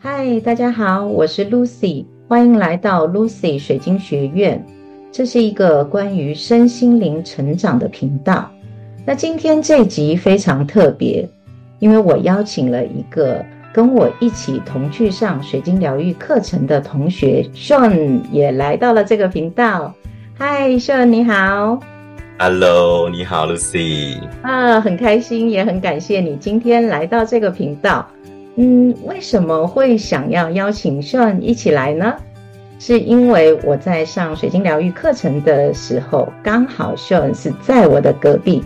嗨，大家好，我是 Lucy，歡迎來到 Lucy 水晶學院。這是一個關於身心靈成長的頻道。那今天這集非常特別，因為我邀請了一個跟我一起同去上水晶療癒課程的同學 Sunan，也來到了這個頻道。嗨，Sunan，你好，Hello，你好 Lucy。啊，很開心，也很感謝你今天來到這個頻道。嗯，為什麼會想要邀請 Sunan 一起來呢？是因為我在上水晶療癒課程的時候，剛好 Sunan 是在我的隔壁，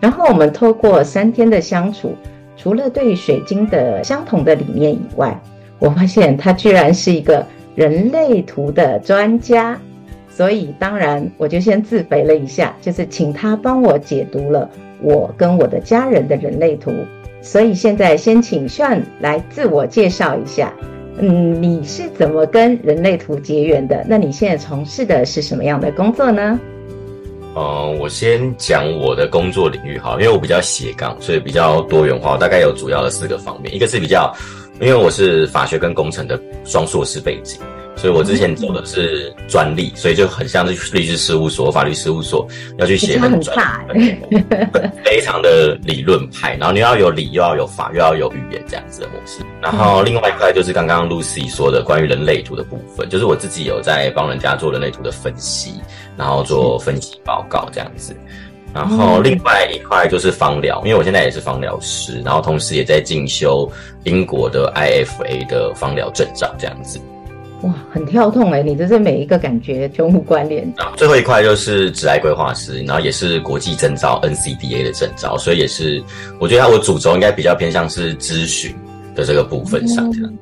然後我們透過三天的相處，除了對水晶的相同的理念以外，我發現他居然是一個人類圖的專家，所以當然我就先自肥了一下，就是請他幫我解讀了我跟我的家人的人類圖。所以現在先請炫來自我介紹一下，嗯，你是怎麼跟人類圖結緣的？那你現在從事的是什麼樣的工作呢？呃，我先講我的工作領域哈，因為我比較斜槓，所以比較多元化，我大概有主要的四個方面，一個是比較。因為我是法學跟工程的雙碩士背景，所以我之前做的是專利，所以就很像是律師事務所、法律事務所要去寫很專，很欸、很很非常的理論派。然後你要有理，又要有法，又要有語言這樣子的模式。然後另外一塊就是剛剛 Lucy 說的關於人類圖的部分，就是我自己有在幫人家做人類圖的分析，然後做分析報告這樣子。然後另外一塊就是芳療、哦，因為我現在也是芳療師，然後同時也在進修英國的 IFA 的芳療證照，這樣子。哇，很跳痛誒、欸、你這是每一個感覺全無關聯然後。最後一塊就是職涯規劃師，然後也是國際證照 NCDA 的證照，所以也是我覺得我主軸應該比較偏向是諮詢的這個部分上、哦、這樣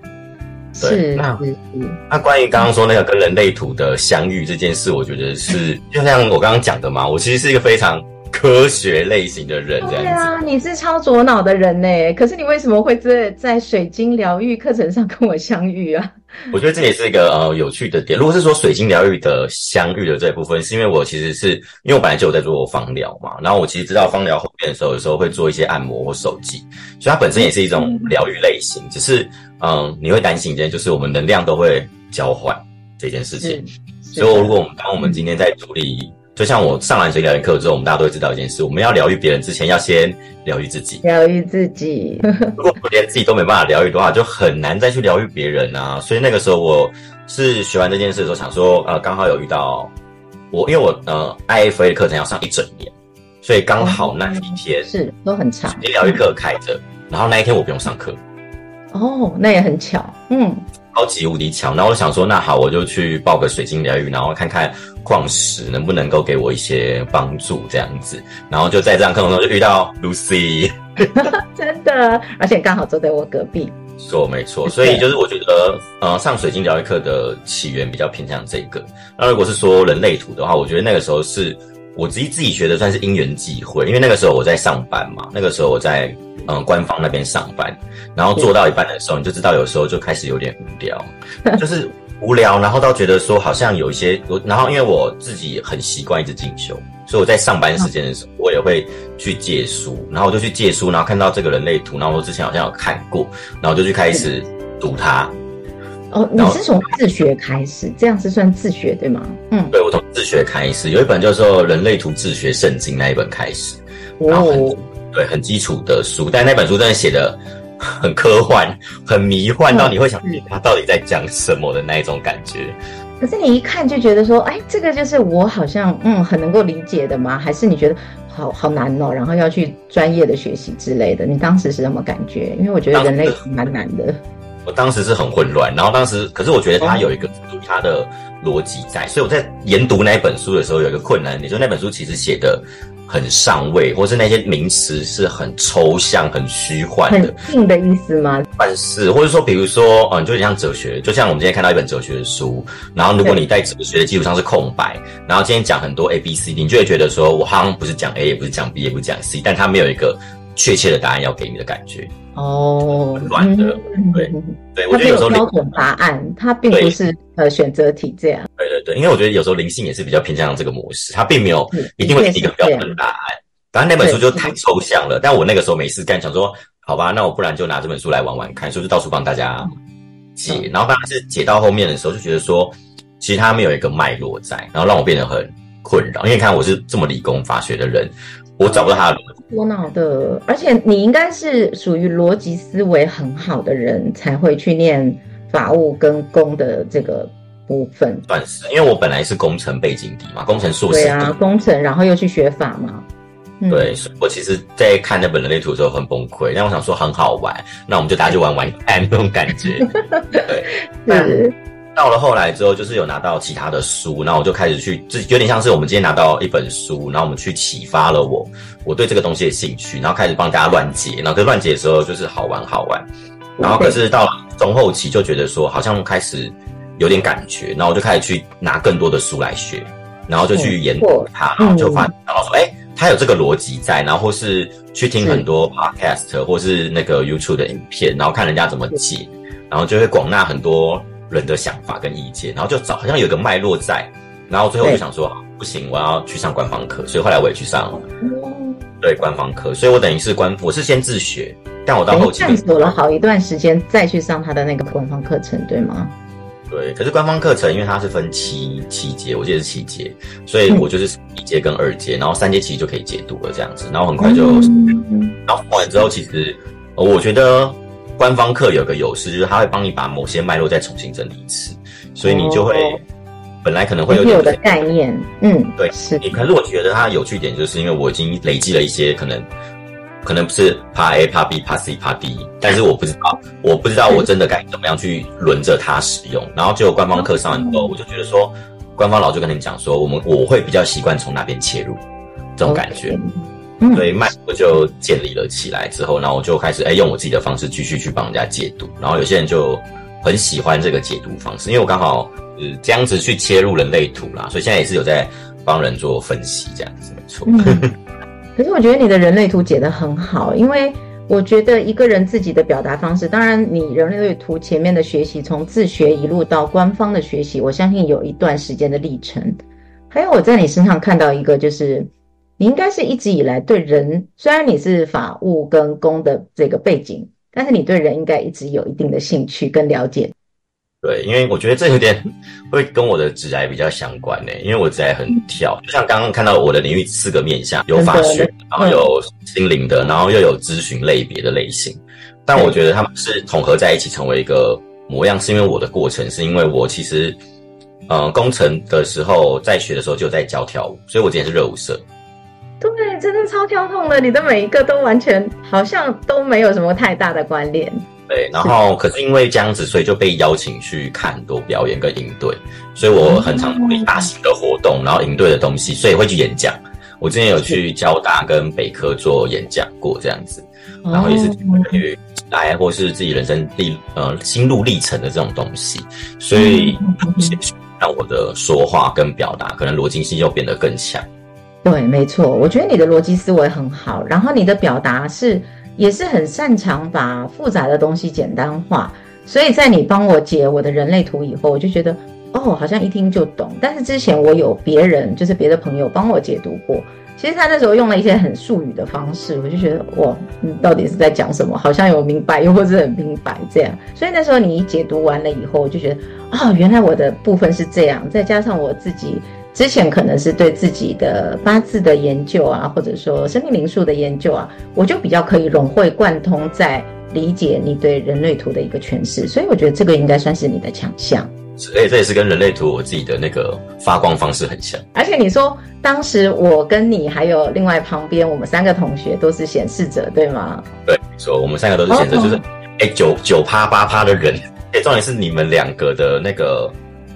子是對。是，那嗯，那關於剛剛說那個跟人類圖的相遇這件事，我覺得是、嗯、就像我剛剛講的嘛，我其實是一個非常。科學類型的人這樣，對啊，你是超左腦的人呢。可是你為什麼會在在水晶療癒課程上跟我相遇啊？我覺得這也是一個呃有趣的點。如果是說水晶療癒的相遇的這一部分，是因為我其實是因為我本來就有在做芳療嘛。然後我其實知道芳療後面的時候，有時候會做一些按摩或手技，所以它本身也是一種療癒類型。只是嗯，你會擔心一件就是我們能量都會交換這件事情。所以如果我們當我們今天在處理。就像我上完水療癒課之後，我們大家都會知道一件事：我們要療癒別人之前，要先療癒自己。療癒自己。 如果連自己都沒辦法療癒的話，就很難再去療癒別人啊。所以那個時候，我是學完這件事的時候，想說，呃，剛好有遇到我，因為我呃，IFA 的課程要上一整年，所以剛好那一天、嗯、是都很長，療癒課開着、嗯，然後那一天我不用上課。哦，那也很巧，嗯。超級無敵強！那我想說，那好，我就去報個水晶療癒，然後看看礦石能不能夠給我一些幫助，這樣子。然後就在這樣課程中，就遇到 Lucy， 真的，而且剛好坐在我隔壁。說，我沒錯。所以就是我覺得，呃，上水晶療癒課的起源比較偏向這個。那如果是說人類圖的話，我覺得那個時候是。我自己自己學的算是因緣際會，因為那個時候我在上班嘛，那個時候我在嗯、呃、官方那邊上班，然後做到一半的時候，你就知道有時候就開始有點無聊，就是無聊，然後倒覺得說好像有一些我，然後因為我自己很習慣一直進修，所以我在上班時間的時候，我也會去借書，然後我就去借書，然後看到這個人類圖，然後我之前好像有看過，然後就去開始讀它。哦，你是從自學開始，這樣是算自學對嗎？嗯，對，我從自學開始，有一本叫做《人類圖自學聖經》那一本開始，然後很、哦、對很基礎的書，但那本書真的寫得很科幻、很迷幻，到、哦、你會想它到底在講什麼的那一種感覺。可是你一看就覺得說，哎，這個就是我好像嗯很能夠理解的嗎？還是你覺得好好難哦，然後要去專業的學習之類的？你當時是什麼感覺？因為我覺得人類蠻難的。我當時是很混亂，然後當時，可是我覺得它有一個它的邏輯在，Oh. 所以我在研讀那本書的時候有一個困難點，也就是、那本書其實寫的很上位，或是那些名詞是很抽象、很虛幻的、很硬的意思嗎？算是，或者說，比如說，嗯，就很像哲學，就像我們今天看到一本哲學的書，然後如果你在哲學的基礎上是空白，然後今天講很多 A、B、C，你就會覺得說，我好像不是講 A，也不是講 B，也不是講 C，但它沒有一個。確切的答案要給你的感覺哦，很軟的，對、嗯、對，我覺得有標準答案，它並不是呃，選擇題這樣。對對對，因為我覺得有時候靈性也是比較偏向這個模式，它並沒有一定會有一個標準答案。反正那本書就太抽象了，但我那個時候沒事幹，想說好吧，那我不然就拿這本書來玩玩看，所以就到處幫大家解、嗯。然後當然是解到後面的時候，就覺得說其實它沒有一個脈絡在，然後讓我變得很困擾。因為你看我是這麼理工法學的人。我找不到他的邏輯。多腦的，而且你應該是屬於邏輯思維很好的人才會去念法務跟工的這個部分。算是，因為我本來是工程背景的嘛，工程碩士。對啊，工程，然後又去學法嘛。對，嗯、所以我其實，在看那本《人類圖》的時候很崩潰，但我想說很好玩，那我們就大家就玩玩看那種感覺。 對，確到了後來之後，就是有拿到其他的書，然後我就開始去，就有點像是我們今天拿到一本書，然後我們去啟發了我我對這個東西的興趣，然後開始幫大家亂解，然後就亂解的時候就是好玩好玩，然後可是到了中後期就覺得說好像開始有點感覺，然後我就開始去拿更多的書來學，然後就去研究它，然後就發現然後說，哎、欸，它有這個邏輯在，然後或是去聽很多 Podcast 或是那個 YouTube 的影片，然後看人家怎麼解，然後就會廣納很多。人的想法跟意見，然後就找好像有個脈絡在，然後最後就想說、啊、不行，我要去上官方課，所以後來我也去上了、嗯。對，官方課，所以我等於是官，我是先自學，但我到後期探索、欸、了好一段時間再去上他的那個官方課程，對嗎？對，可是官方課程因為它是分七七節，我記得是七節，所以我就是一節跟二節、嗯，然後三節其實就可以解讀了這樣子，然後很快就，然、嗯、後完之後其實，我覺得。官方課有個優勢，就是它會幫你把某些脈絡再重新整理一次，所以你就會、哦、本來可能會有點的，的概念，嗯，對，是的。可是我覺得它有趣一點，就是因為我已經累積了一些，可能可能不是怕 A 怕 B 怕 C 怕 D，但是我不知道，我不知道我真的該怎麼樣去輪着它使用。嗯、然後就官方課上完之後，我就覺得說，官方老就跟你講說，我們我會比較習慣從那邊切入，這種感覺。Okay. 所以，慢，我就建立了起來之後，然後我就開始、欸、用我自己的方式繼續去幫人家解讀。然後有些人就很喜歡這個解讀方式，因為我剛好呃這樣子去切入人類圖啦，所以現在也是有在幫人做分析這樣子沒錯、嗯。可是我覺得你的人類圖解得很好，因為我覺得一個人自己的表達方式，當然你人類圖前面的學習，從自學一路到官方的學習，我相信有一段時間的歷程。還有我在你身上看到一個就是。你應該是一直以來對人，雖然你是法務跟工的這個背景，但是你對人應該一直有一定的興趣跟了解。對，因為我覺得這有點會跟我的職涯比較相關呢、欸，因為我職涯很跳、嗯，就像剛剛看到我的領域四個面向，有法學，然後有心靈的、嗯，然後又有諮詢類別的類型。但我覺得他們是統合在一起成為一個模樣，是因為我的過程，是因為我其實，呃，工程的時候在學的時候就在教跳舞，所以我之前是熱舞社。真的超跳痛的，你的每一個都完全好像都沒有什麼太大的關聯。對，然後可是因為這樣子，所以就被邀請去看多表演跟營隊，所以我很常做大型的活動、嗯，然後營隊的東西，所以會去演講。我之前有去交大跟北科做演講過這樣子，然後也是關於來或是自己人生歷呃心路歷程的這種東西，所以、嗯 okay. 讓我的說話跟表達可能邏輯性又變得更強。對，沒錯，我覺得你的邏輯思維很好，然後你的表達是也是很擅長把複雜的東西簡單化。所以在你幫我解我的人類圖以後，我就覺得哦，好像一聽就懂。但是之前我有別人，就是別的朋友幫我解讀過，其實他那時候用了一些很術語的方式，我就覺得哇，你到底是在講什麼？好像有明白，又不是很明白這樣。所以那時候你一解讀完了以後，我就覺得哦，原來我的部分是這樣，再加上我自己。之前可能是對自己的八字的研究啊，或者說生命靈數的研究啊，我就比較可以融會貫通，在理解你對人類圖的一個詮釋，所以我覺得這個應該算是你的強項。所以、欸、這也是跟人類圖我自己的那個發光方式很像。而且你說當時我跟你還有另外旁邊我們三個同學都是顯示者，對嗎？對，所以我們三個都是顯示者、哦、就是哎九九趴八趴的人。哎、欸，重點是你們兩個的那個。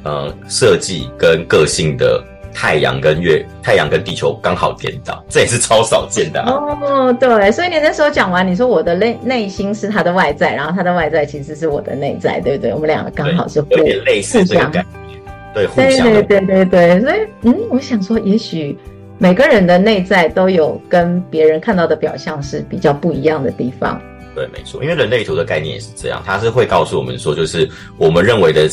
呃、嗯，設計跟個性的太陽跟月，太陽跟地球剛好顛倒，這也是超少見的哦、啊。Oh, 對，所以你那時候講完，你說我的內內心是他的外在，然後他的外在其實是我的內在，對不對？我們兩個剛好是互有點類似這樣。對，對互相互相對對對對，對，所以嗯，我想說，也許每個人的內在都有跟別人看到的表象是比較不一樣的地方。對，沒錯，因為人類圖的概念也是這樣，它是會告訴我們說，就是我們認為的。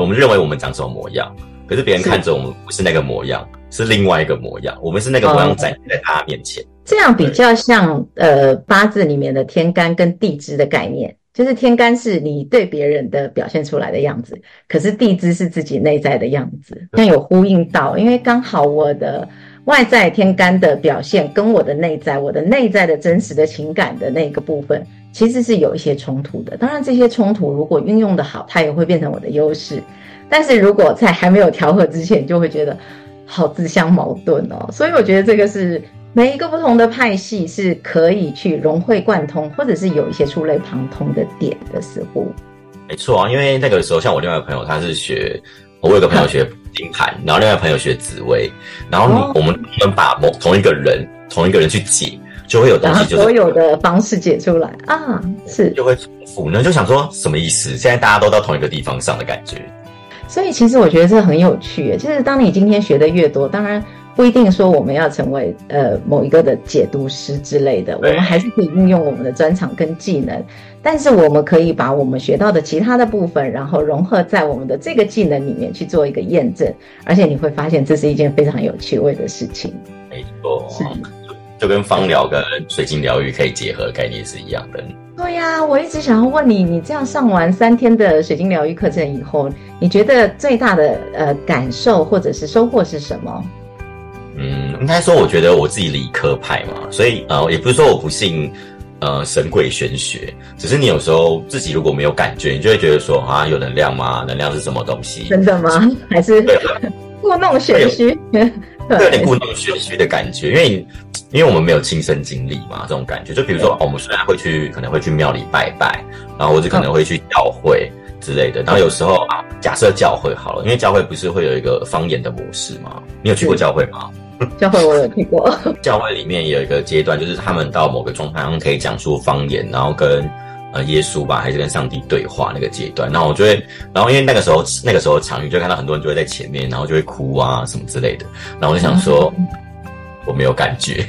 我們認為我們長什麼模樣，可是別人看着我們不是那個模樣是，是另外一個模樣。我們是那個模樣展現在在他面前，哦，這樣比較像呃八字裡面的天干跟地支的概念，就是天干是你對別人的表現出來的樣子，可是地支是自己內在的樣子。那，嗯，有呼應到，因為剛好我的外在天干的表現跟我的內在，我的內在的真實的情感的那個部分。其實是有一些衝突的，當然這些衝突如果運用得好，它也會變成我的優勢。但是如果在還沒有調和之前，就會覺得好自相矛盾哦、喔。所以我覺得這個是每一個不同的派系是可以去融會貫通，或者是有一些觸類旁通的點的，似乎沒錯啊。因為那個時候，像我另外一朋友他是學，我有個朋友學金盤， 然後另外一朋友學紫微，然後我們我們把某同一個人同一個人去解，就會有東西、就是，是所有的方式解出來啊，是就會苦呢，就想說什麼意思？現在大家都到同一個地方上的感覺，所以其實我覺得這很有趣耶。就是當你今天學的越多，當然不一定說我們要成為呃某一個的解讀師之類的，我們還是可以運用我們的專長跟技能。但是我們可以把我們學到的其他的部分，然後融合在我們的這個技能裡面去做一個驗證，而且你會發現這是一件非常有趣味的事情。沒錯，就跟芳療跟水晶療癒可以結合的概念是一樣的。對呀、啊，我一直想要問你，你這樣上完三天的水晶療癒課程以後，你覺得最大的呃感受或者是收穫是什麼？嗯，應該說我覺得我自己理科派嘛，所以呃也不是說我不信呃神鬼玄學，只是你有時候自己如果沒有感覺，你就會覺得說啊，有能量嗎？能量是什麼東西？真的嗎？還是故弄、啊、玄虛？ 對，會有點故弄玄虛的感覺，因為因為我們沒有親身經歷嘛，這種感覺。就比如說，哦、我們雖然會去，可能會去廟裡拜拜，然後我就可能會去教會之類的。然後有時候啊，假設教會好了，因為教會不是會有一個方言的模式嗎？你有去過教會嗎？ 教會我有去過。教會裡面也有一個階段，就是他們到某個狀態，他們可以講述方言，然後跟。耶穌吧，還是跟上帝對話那個階段。那我就會，然後因為那個時候，那個時候場域就會看到很多人就會在前面，然後就會哭啊什麼之類的。然後我就想說，嗯，我沒有感覺，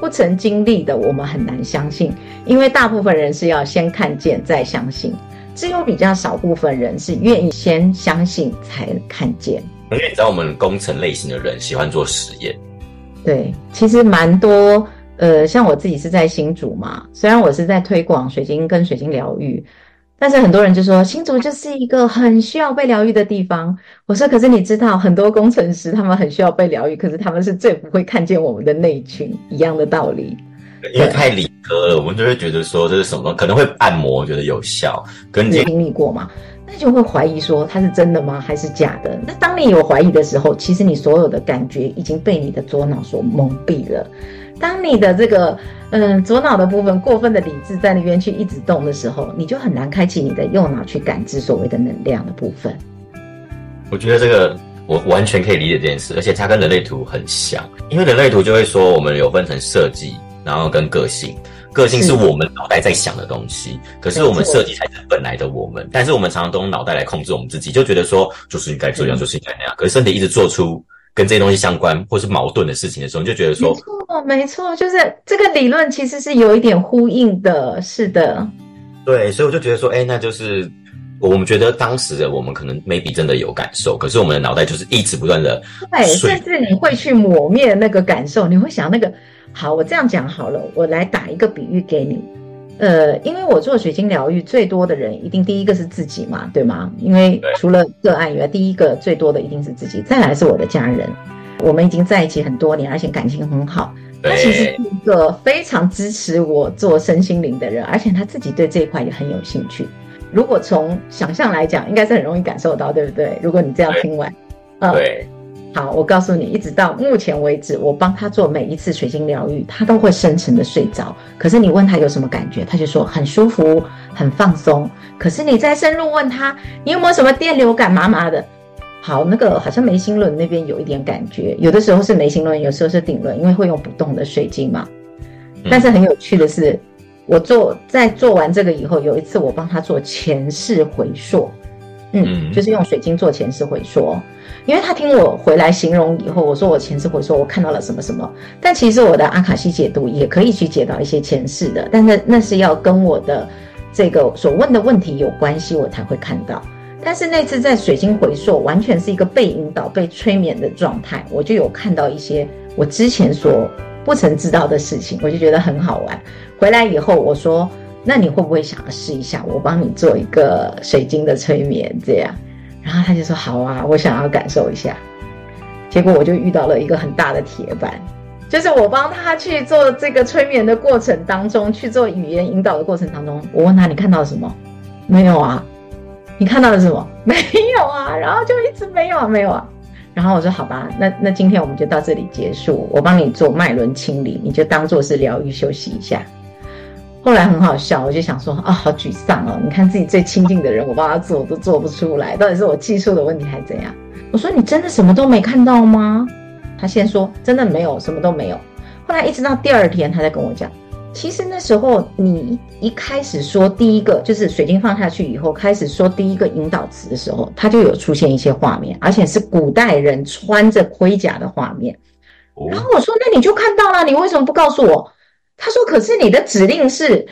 不曾經歷的，我們很難相信，因為大部分人是要先看見再相信，只有比較少部分人是願意先相信才看見。因為你知道，我們工程類型的人喜歡做實驗，對，其實蠻多。呃，像我自己是在新竹嘛，雖然我是在推廣水晶跟水晶療癒，但是很多人就說新竹就是一個很需要被療癒的地方。我說，可是你知道，很多工程師他們很需要被療癒，可是他們是最不會看見我們的內情一樣的道理。因為太理科了，我們就會覺得說這是什麼可能會按摩覺得有效，跟你經歷過嘛，那就會懷疑說它是真的嗎？還是假的？那當你有懷疑的時候，其實你所有的感覺已經被你的左腦所蒙蔽了。當你的這個嗯，左腦的部分過分的理智在那邊去一直動的時候，你就很難開啟你的右腦去感知所謂的能量的部分。我覺得這個我完全可以理解這件事，而且它跟人類圖很像，因為人類圖就會說我們有分成設計，然後跟個性。個性是我們腦袋在想的東西，是可是我們設計才是本來的我們。但是我們常常都用腦袋來控制我們自己，就覺得說就是應該這樣，就是應該那樣，可是身體一直做出。跟這些東西相關或是矛盾的事情的時候，你就覺得說，沒錯，沒錯，就是這個理論其實是有一點呼應的，是的，對，所以我就覺得說，哎、欸，那就是我們覺得當時的我們可能 maybe 真的有感受，可是我們的腦袋就是一直不斷的，對，甚至你會去抹滅那個感受，你會想那個，好，我這樣講好了，我來打一個比喻給你。呃，因為我做水晶療癒最多的人，一定第一個是自己嘛，對嗎？因為除了個案以外，第一個最多的一定是自己，再來是我的家人。我們已經在一起很多年，而且感情很好。他其實是一個非常支持我做身心靈的人，而且他自己對這一塊也很有興趣。如果從想象來講，應該是很容易感受到，對不對？如果你這樣聽完，對，呃，對。好，我告訴你，一直到目前為止，我幫他做每一次水晶療癒，他都會深沉的睡着。可是你問他有什麼感覺，他就說很舒服、很放鬆。可是你再深入問他，你有沒有什麼電流感、麻麻的？好，那個好像眉心輪那邊有一點感覺，有的時候是眉心輪，有時候是頂輪，因為會用不動的水晶嘛。但是很有趣的是，我做在做完這個以後，有一次我幫他做前世回溯。嗯，就是用水晶做前世回溯，因為他聽我回來形容以後，我說我前世回溯，我看到了什麼什麼。但其實我的阿卡西解讀也可以去解到一些前世的，但是那，那是要跟我的這個所問的問題有關係，我才會看到。但是那次在水晶回溯，完全是一個被引導、被催眠的狀態，我就有看到一些我之前所不曾知道的事情，我就覺得很好玩。回來以後，我說。那你會不會想要試一下？我幫你做一個水晶的催眠，這樣，然後他就說好啊，我想要感受一下。結果我就遇到了一個很大的鐵板，就是我幫他去做這個催眠的過程當中，去做語言引導的過程當中，我問他，你看到了什麼？沒有啊，你看到了什麼？沒有啊，然後就一直沒有啊，沒有啊。然後我說好吧，那那今天我們就到這裡結束。我幫你做脈輪清理，你就當做是療癒休息一下。後來很好笑，我就想說，啊、哦，好沮喪哦！你看自己最親近的人，我幫他做都做不出來，到底是我技術的問題還是怎樣？我說你真的什麼都沒看到嗎？他先說真的沒有，什麼都沒有。後來一直到第二天，他在跟我講，其實那時候你一一開始說第一個就是水晶放下去以後，開始說第一個引導詞的時候，他就有出現一些畫面，而且是古代人穿着盔甲的畫面。哦、然後我說那你就看到了，你為什麼不告訴我？他說：“可是你的指令是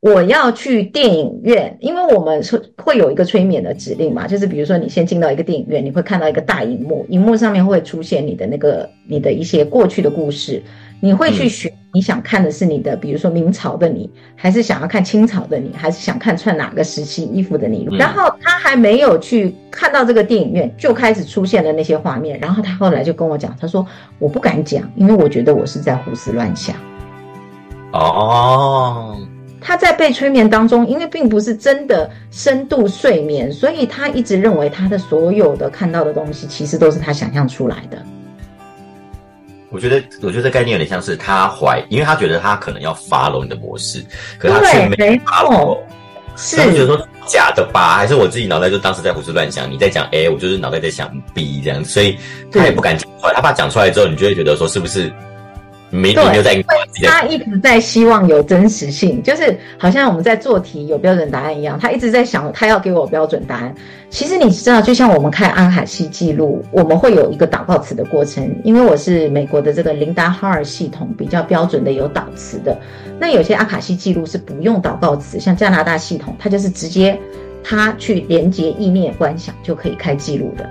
我要去電影院，因為我們會有一個催眠的指令嘛，就是比如說你先進到一個電影院，你會看到一個大熒幕，熒幕上面會出現你的那個你的一些過去的故事，你會去選你想看的是你的，比如說明朝的你，還是想要看清朝的你，還是想看穿哪個時期衣服的你。然後他還沒有去看到這個電影院，就開始出現了那些畫面。然後他後來就跟我講，他說我不敢講，因為我覺得我是在胡思亂想。”哦、oh.，他在被催眠當中，因為並不是真的深度睡眠，所以他一直認為他的所有的看到的東西，其實都是他想象出來的。我覺得，我覺得這概念有點像是他懷，因為他覺得他可能要 follow 你的模式，可是他卻沒 follow，他就覺得說假的吧？還是我自己腦袋就當時在胡思亂想？你在講，A，我就是腦袋在想 B 這樣，所以他也不敢講出來，他怕講出來之後，你就會覺得說是不是？沒對，沒對，他一直在希望有真實性，就是好像我們在做題有標準答案一樣。他一直在想，他要給我標準答案。其實你知道，就像我們開阿卡西記錄，我們會有一個禱告詞的過程，因為我是美國的這個林達哈爾系統比較標準的有禱詞的。那有些阿卡西記錄是不用禱告詞，像加拿大系統，它就是直接他去連接意念觀想就可以開記錄的。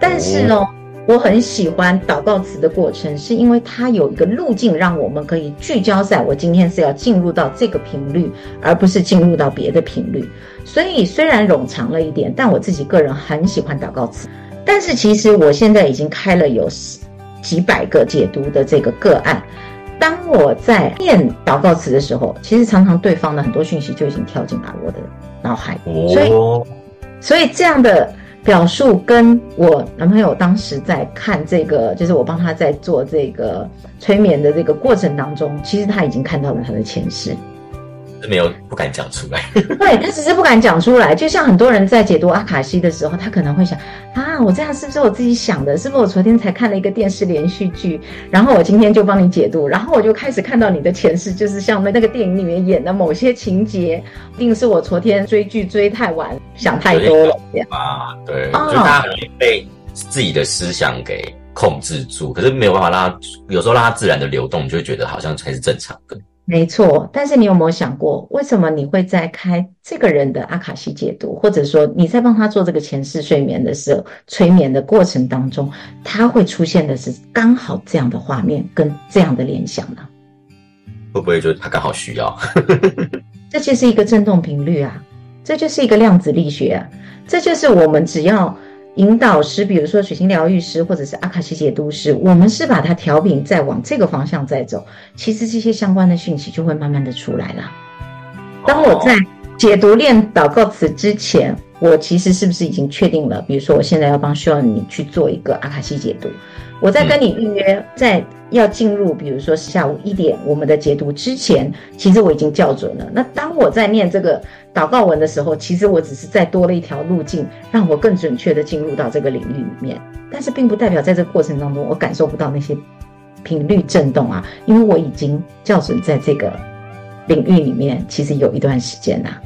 但是呢。哦我很喜歡禱告詞的過程，是因為它有一個路徑，讓我們可以聚焦在我今天是要進入到這個頻率，而不是進入到別的頻率。所以雖然冗長了一點，但我自己個人很喜歡禱告詞。但是其實我現在已經開了有幾百個解讀的這個個案，當我在念禱告詞的時候，其實常常對方的很多訊息就已經跳進來我的腦海，所以，所以這樣的。表述跟我男朋友當時在看這個，就是我幫他在做這個催眠的這個過程當中，其實他已經看到了他的前世。沒有不敢講出來， 對，他只是不敢講出來。就像很多人在解讀阿卡西的時候，他可能會想：啊，我這樣是不是我自己想的？是不是我昨天才看了一個電視連續劇，然後我今天就幫你解讀，然後我就開始看到你的前世，就是像那個電影裡面演的某些情節，一定是我昨天追劇追太晚，想太多了。啊，對，哦、就他被自己的思想給控制住，可是沒有辦法讓它，有時候讓它自然的流動，就會覺得好像才是正常的。沒錯，但是你有沒有想過，為什麼你會在開這個人的阿卡西解讀，或者說你在幫他做這個前世睡眠的時候，催眠的過程當中，他會出現的是剛好這樣的畫面跟這樣的聯想呢？會不會就是他剛好需要？ 這就是一個振動頻率啊，這就是一個量子力學啊，這就是我們只要。引導師，比如說水晶療癒師，或者是阿卡西解讀師，我們是把它調頻，再往這個方向在走。其實這些相關的訊息就會慢慢的出來了。當我在解讀念禱告詞之前，我其實是不是已經確定了？比如說，我現在要幫 Sunan 去做一個阿卡西解讀。我在跟你預約，在要進入，比如說下午一點我們的解讀之前，其實我已經校準了。那當我在念這個禱告文的時候，其實我只是再多了一條路徑，讓我更準確地進入到這個領域裡面。但是並不代表在這個過程當中，我感受不到那些頻率震動啊，因為我已經校準在這個領域裡面，其實有一段時間啊。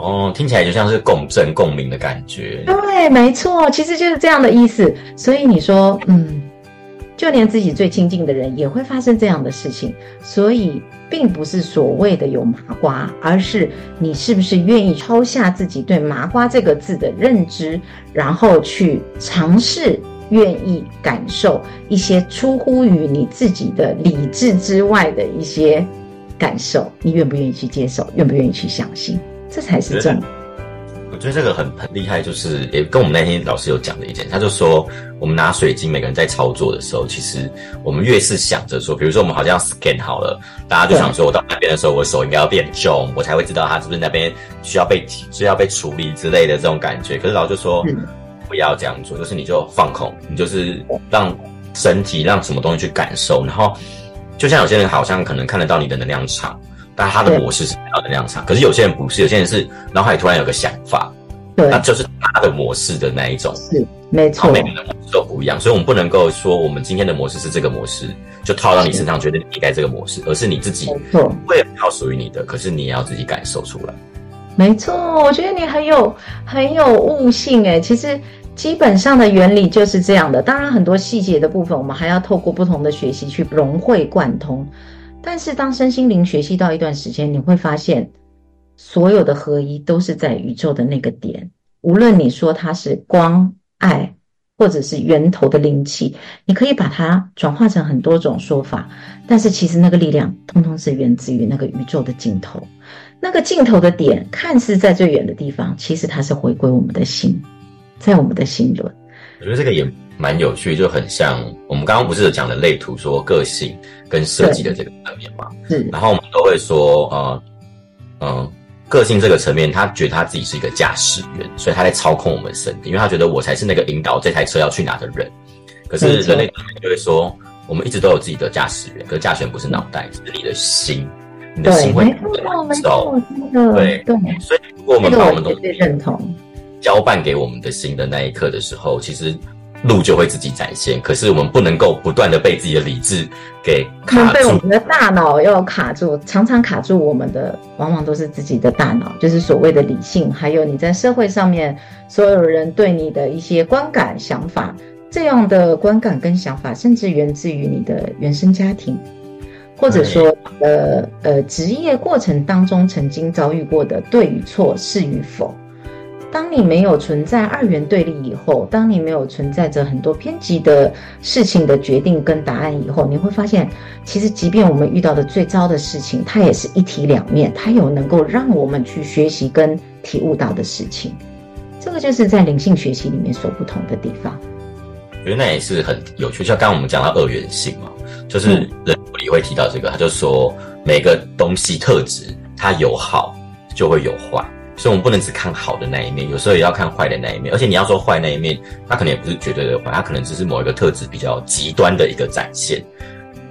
哦，聽起來就像是共振共鳴的感覺。對，沒錯，其實就是這樣的意思。所以你說，嗯，就連自己最親近的人也會發生這樣的事情，所以並不是所謂的有麻瓜，而是你是不是願意拋下自己對麻瓜這個字的認知，然後去嘗試願意感受一些出乎於你自己的理智之外的一些感受，你願不願意去接受？願不願意去相信？這才是正。我覺得這個很,很厲害，就是也跟我們那天老師有講的一件，他就說我們拿水晶，每個人在操作的時候，其實我們越是想着說，比如說我們好像要 scan 好了，大家就想說、啊、我到那邊的時候，我手應該要變重，我才會知道他是不是那邊需要被需要被處理之類的這種感覺。可是老師就說、嗯、不要這樣做，就是你就放空，你就是讓身體讓什麼東西去感受。然後就像有些人好像可能看得到你的能量場。但他的模式是比較能量場，可是有些人不是，有些人是腦海突然有個想法，對，那就是他的模式的那一種，是沒錯，每個人的模式都不一樣，所以我們不能夠說我們今天的模式是這個模式，就套到你身上，覺得你應該這個模式，而是你自己，沒錯，不會套屬於你的，可是你也要自己感受出來，沒錯，我覺得你很有很有悟性哎、欸，其實基本上的原理就是這樣的，當然很多細節的部分，我們還要透過不同的學習去融會貫通。但是，當身心靈學習到一段時間，你會發現，所有的合一都是在宇宙的那個點。無論你說它是光、愛，或者是源頭的靈氣，你可以把它轉化成很多種說法。但是，其實那個力量通通是源自於那個宇宙的盡頭，那個盡頭的點看似在最遠的地方，其實它是回歸我們的心，在我們的心輪。我覺得這個也。蠻有趣，就很像我們剛剛不是講的類圖，說個性跟設計的這個層面嘛。然後我們都會說，呃，嗯、呃，個性這個層面，他覺得他自己是一個駕駛員，所以他在操控我們身體，因為他覺得我才是那個引導這台車要去哪的人。可是人類就會說，我們一直都有自己的駕駛員，可是駕駛員不是腦袋，是你的心，你的心會。對，沒錯，沒錯。所以如果我們把我們東西認同交辦給我們的心的那一刻的時候，其實。路就會自己展現，可是我們不能夠不斷的被自己的理智給卡住，可能被我們的大腦要卡住，常常卡住我們的，往往都是自己的大腦，就是所謂的理性，還有你在社會上面所有人對你的一些觀感、想法，這樣的觀感跟想法，甚至源自於你的原生家庭，或者說你的、嗯，呃呃，職業過程當中曾經遭遇過的對與錯、是與否。當你沒有存在二元對立以後，當你沒有存在着很多偏激的事情的決定跟答案以後，你會發現，其實即便我們遇到的最糟的事情，它也是一體兩面，它有能夠讓我們去學習跟體悟到的事情。這個就是在靈性學習裡面所不同的地方。原來也是很有趣，像剛剛我們講到二元性嘛，就是人類圖也會提到這個，他就說每個東西特質，它有好就會有壞。所以，我們不能只看好的那一面，有時候也要看壞的那一面。而且，你要說壞那一面，它可能也不是絕對的壞，它可能只是某一個特質比較極端的一個展現。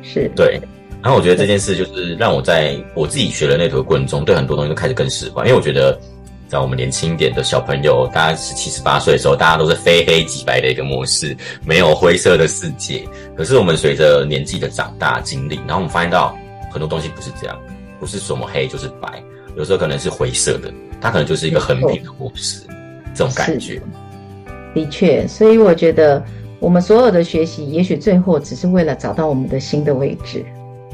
是，對。然後，我覺得這件事就是讓我在、嗯、我自己學了那頭的過程中，對很多東西都開始更釋懷。因為我覺得，在我們年輕一點的小朋友，大家十七十八歲的時候，大家都是非黑即白的一個模式，沒有灰色的世界。可是，我們隨着年紀的長大、經歷，然後我們發現到很多東西不是這樣，不是什麼黑就是白，有時候可能是灰色的。它可能就是一個很美的故事，這種感覺。的確，所以我覺得我們所有的學習，也許最後只是為了找到我們的新的位置。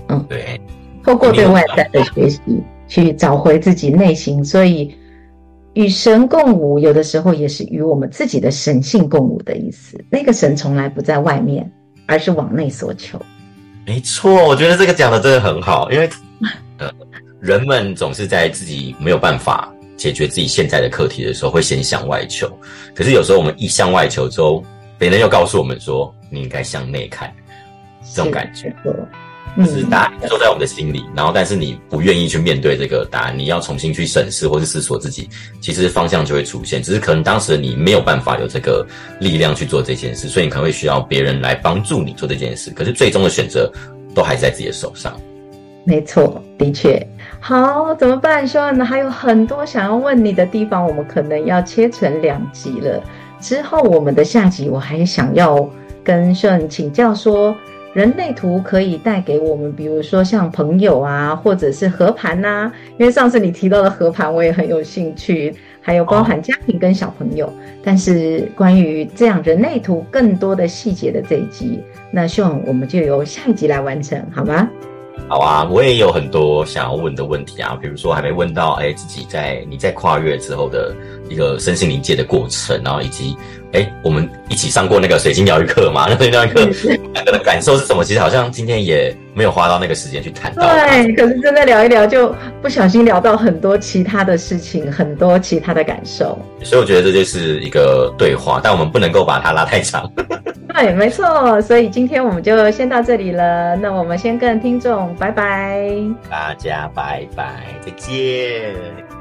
嗯，對。透過對外在的學習、嗯嗯，去找回自己內心。所以與神共舞，有的時候也是與我們自己的神性共舞的意思。那個神從來不在外面，而是往內所求。沒錯，我覺得這個講的真的很好，因為，呃、 人們總是在自己沒有辦法。解決自己現在的課題的時候，會先向外求。可是有時候我們一向外求之後，別人又告訴我們說：“你應該向內看。”這種感覺，就是答案、嗯、坐在我們的心裡。然後，但是你不願意去面對這個答案，你要重新去審視或是思索自己，其實方向就會出現。只是可能當時你沒有辦法有這個力量去做這件事，所以你可能會需要別人來幫助你做這件事。可是最終的選擇都還是在自己的手上。沒錯，的確。好，怎麼辦？Sunan，還有很多想要問你的地方，我們可能要切成兩集了。之後我們的下集，我還想要跟 Sunan 請教說，人類圖可以帶給我們，比如說像朋友啊，或者是合盤吶、啊。因為上次你提到的合盤，我也很有興趣。還有包含家庭跟小朋友。但是關於這樣人類圖更多的細節的這一集，那 Sunan，我們就由下一集來完成，好嗎？好啊，我也有很多想要問的問題啊，比如說還沒問到，哎、欸，自己在，你在跨越之後的一個身心靈界的過程、啊，然後以及。哎、欸，我們一起上過那個水晶療癒課嗎？水晶療癒課，個 的感受是什麼？其實好像今天也沒有花到那個時間去談到。對，可是真的聊一聊，就不小心聊到很多其他的事情，很多其他的感受。所以我覺得這就是一個對話，但我們不能夠把它拉太長。 對，沒錯。所以今天我們就先到這裡了。那我們先跟聽眾拜拜，大家拜拜，再見。